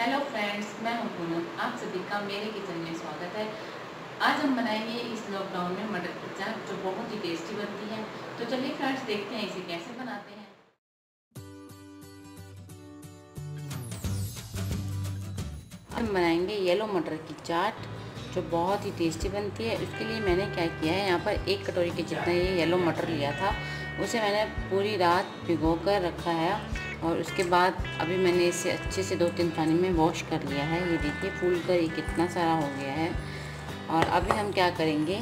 hello friends मैं हूं पूनम आप सभी का मेरे किचन में स्वागत है आज हम बनाएंगे इस लॉकडाउन में मटर पिज्ज़ा जो बहुत ही टेस्टी बनती है तो चलिए फ्रेंड्स देखते हैं इसे कैसे बनाते हैं हम बनाएंगे येलो मटर की चाट जो बहुत ही टेस्टी बनती है उसके लिए मैंने क्या किया है यहाँ पर एक कटोरी के जितना ये येलो मटर लिया था उसे मैंने पूरी रात भिगो कर रखा है और उसके बाद अभी मैंने इसे अच्छे से दो तीन पानी में वॉश कर लिया है ये देखिए फूल कर ये कितना सारा हो गया है और अभी हम क्या करेंगे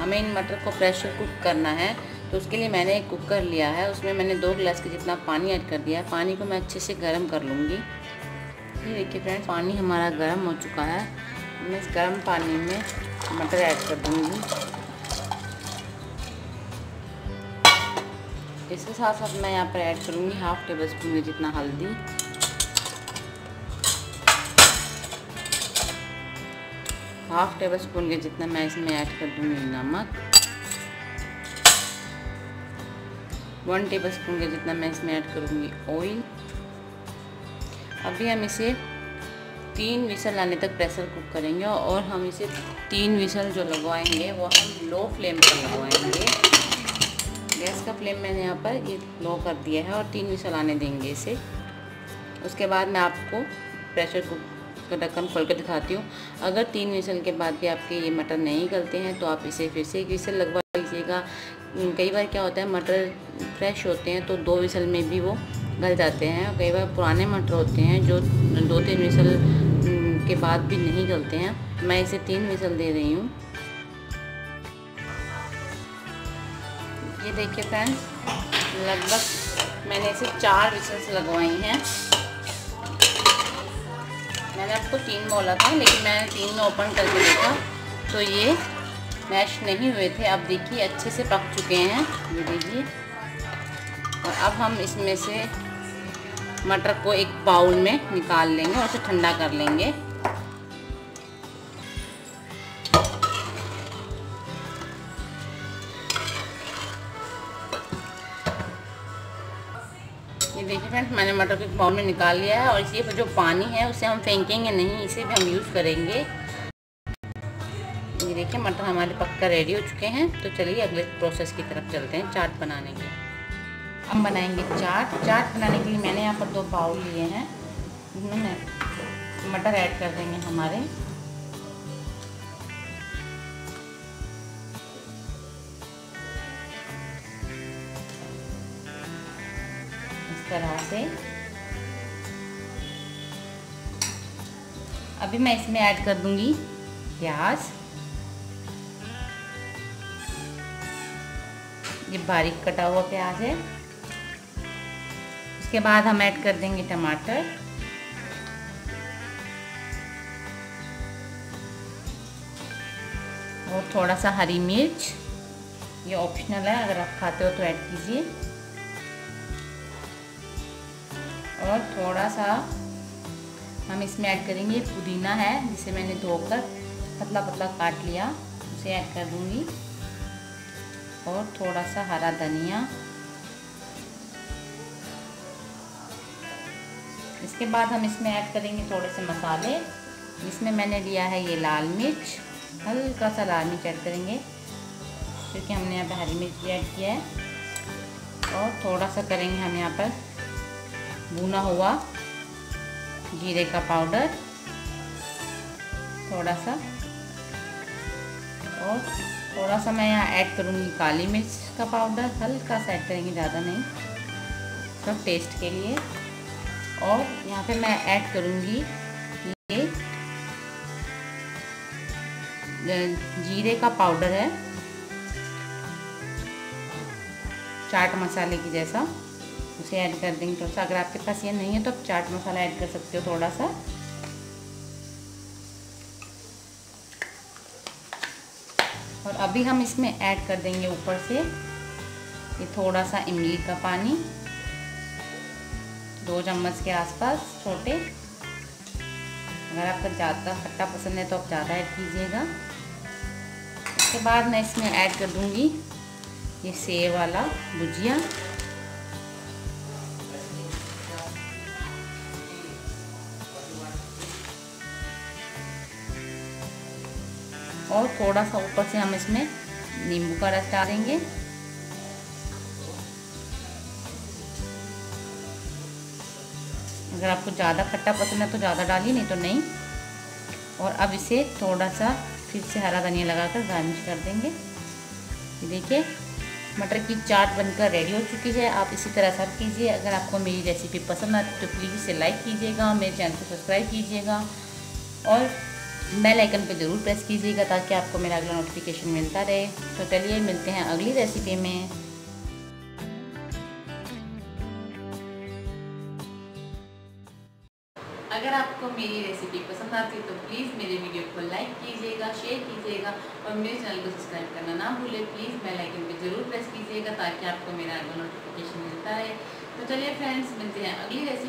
हमें इन मटर को प्रेशर कुक करना है तो उसके लिए मैंने एक कुकर लिया है उसमें मैंने दो गिलास के जितना पानी ऐड कर दिया है पानी को मैं अच्छे से गर्म कर लूँगी ये देखिए फ्रेंड पानी हमारा गर्म हो चुका है मैं इस गर्म पानी में मटर ऐड कर दूँगी इसके साथ साथ मैं यहाँ पर ऐड करूँगी हाफ टेबल स्पून में जितना हल्दी हाफ टेबल स्पून के जितना मैं इसमें ऐड कर दूंगी नमक वन टेबल स्पून के जितना मैं इसमें ऐड करूँगी ऑयल अभी हम इसे तीन विसल आने तक प्रेशर कुक करेंगे और हम इसे तीन विसल जो लगवाएंगे वो हम लो फ्लेम पर लगवाएंगे गैस का फ्लेम मैंने यहाँ पर ये लो कर दिया है और तीन मिसल आने देंगे इसे उसके बाद मैं आपको प्रेशर कुक का ढक्कन खोल कर दिखाती हूँ अगर तीन मिसल के बाद भी आपके ये मटर नहीं गलते हैं तो आप इसे फिर से एक विसल लगवा लीजिएगा कई बार क्या होता है मटर फ्रेश होते हैं तो दो विसल में भी वो गल जाते हैं कई बार पुराने मटर होते हैं जो दो तीन मिसल के बाद भी नहीं गलते हैं मैं इसे तीन मिसल दे रही हूँ ये देखिए फ्रेंड्स लगभग मैंने इसे चार विशेष लगवाई हैं मैंने आपको तीन बोला था लेकिन मैंने तीन में ओपन करके देखा तो ये मैश नहीं हुए थे अब देखिए अच्छे से पक चुके हैं ये देखिए और अब हम इसमें से मटर को एक बाउल में निकाल लेंगे और उसे ठंडा कर लेंगे ये देखिए फ्रेंड्स मैंने मटर को एक बाउल में निकाल लिया है और इसी पर जो पानी है उसे हम फेंकेंगे नहीं इसे भी हम यूज़ करेंगे ये देखिए मटर हमारे पक्का रेडी हो चुके हैं तो चलिए अगले प्रोसेस की तरफ चलते हैं चाट बनाने के हम बनाएंगे चाट चाट बनाने के लिए मैंने यहाँ पर दो बाउल लिए हैं मटर ऐड कर देंगे हमारे तरह से अभी मैं इसमें ऐड कर दूंगी प्याज ये बारीक कटा हुआ प्याज है उसके बाद हम ऐड कर देंगे टमाटर और थोड़ा सा हरी मिर्च ये ऑप्शनल है अगर आप खाते हो तो ऐड कीजिए थोड़ा सा हम इसमें ऐड करेंगे पुदीना है जिसे मैंने धोकर पतला पतला काट लिया उसे ऐड कर दूंगी और थोड़ा सा हरा धनिया इसके बाद हम इसमें ऐड करेंगे थोड़े से मसाले इसमें मैंने लिया है ये लाल मिर्च हल्का सा लाल मिर्च ऐड करेंगे क्योंकि हमने यहाँ पर हरी मिर्च भी ऐड किया है और थोड़ा सा करेंगे हम यहाँ पर भुना हुआ जीरे का पाउडर थोड़ा सा और थोड़ा सा मैं यहाँ ऐड करूँगी काली मिर्च का पाउडर हल्का सा ऐड करेंगे ज़्यादा नहीं सब टेस्ट के लिए और यहाँ पे मैं ऐड करूँगी ये जीरे का पाउडर है चाट मसाले की जैसा उसे ऐड कर देंगे थोड़ा तो सा अगर आपके पास ये नहीं है तो आप चाट मसाला ऐड कर सकते हो थोड़ा सा और अभी हम इसमें ऐड कर देंगे ऊपर से ये थोड़ा सा इमली का पानी दो चम्मच के आसपास छोटे अगर आपको ज़्यादा खट्टा पसंद है तो आप ज़्यादा ऐड कीजिएगा उसके बाद मैं इसमें ऐड कर दूँगी ये सेव वाला भुजिया और थोड़ा सा ऊपर से हम इसमें नींबू का रस डालेंगे अगर आपको ज़्यादा खट्टा पसंद है तो ज़्यादा डालिए नहीं तो नहीं और अब इसे थोड़ा सा फिर से हरा धनिया लगाकर गार्निश कर देंगे देखिए मटर की चाट बनकर रेडी हो चुकी है आप इसी तरह सर्व कीजिए अगर आपको मेरी रेसिपी पसंद आती तो प्लीज़ इसे लाइक कीजिएगा मेरे चैनल को सब्सक्राइब कीजिएगा और बेल आइकन पर ज़रूर प्रेस कीजिएगा ताकि आपको मेरा अगला नोटिफिकेशन मिलता रहे तो चलिए मिलते हैं अगली रेसिपी में अगर आपको मेरी रेसिपी पसंद आती है तो प्लीज़ मेरे वीडियो को लाइक कीजिएगा शेयर कीजिएगा और मेरे चैनल को सब्सक्राइब करना ना भूले प्लीज़ बेल आइकन पर ज़रूर प्रेस कीजिएगा ताकि आपको मेरा अगला नोटिफिकेशन मिलता रहे तो चलिए फ्रेंड्स मिलते हैं अगली रेसिपी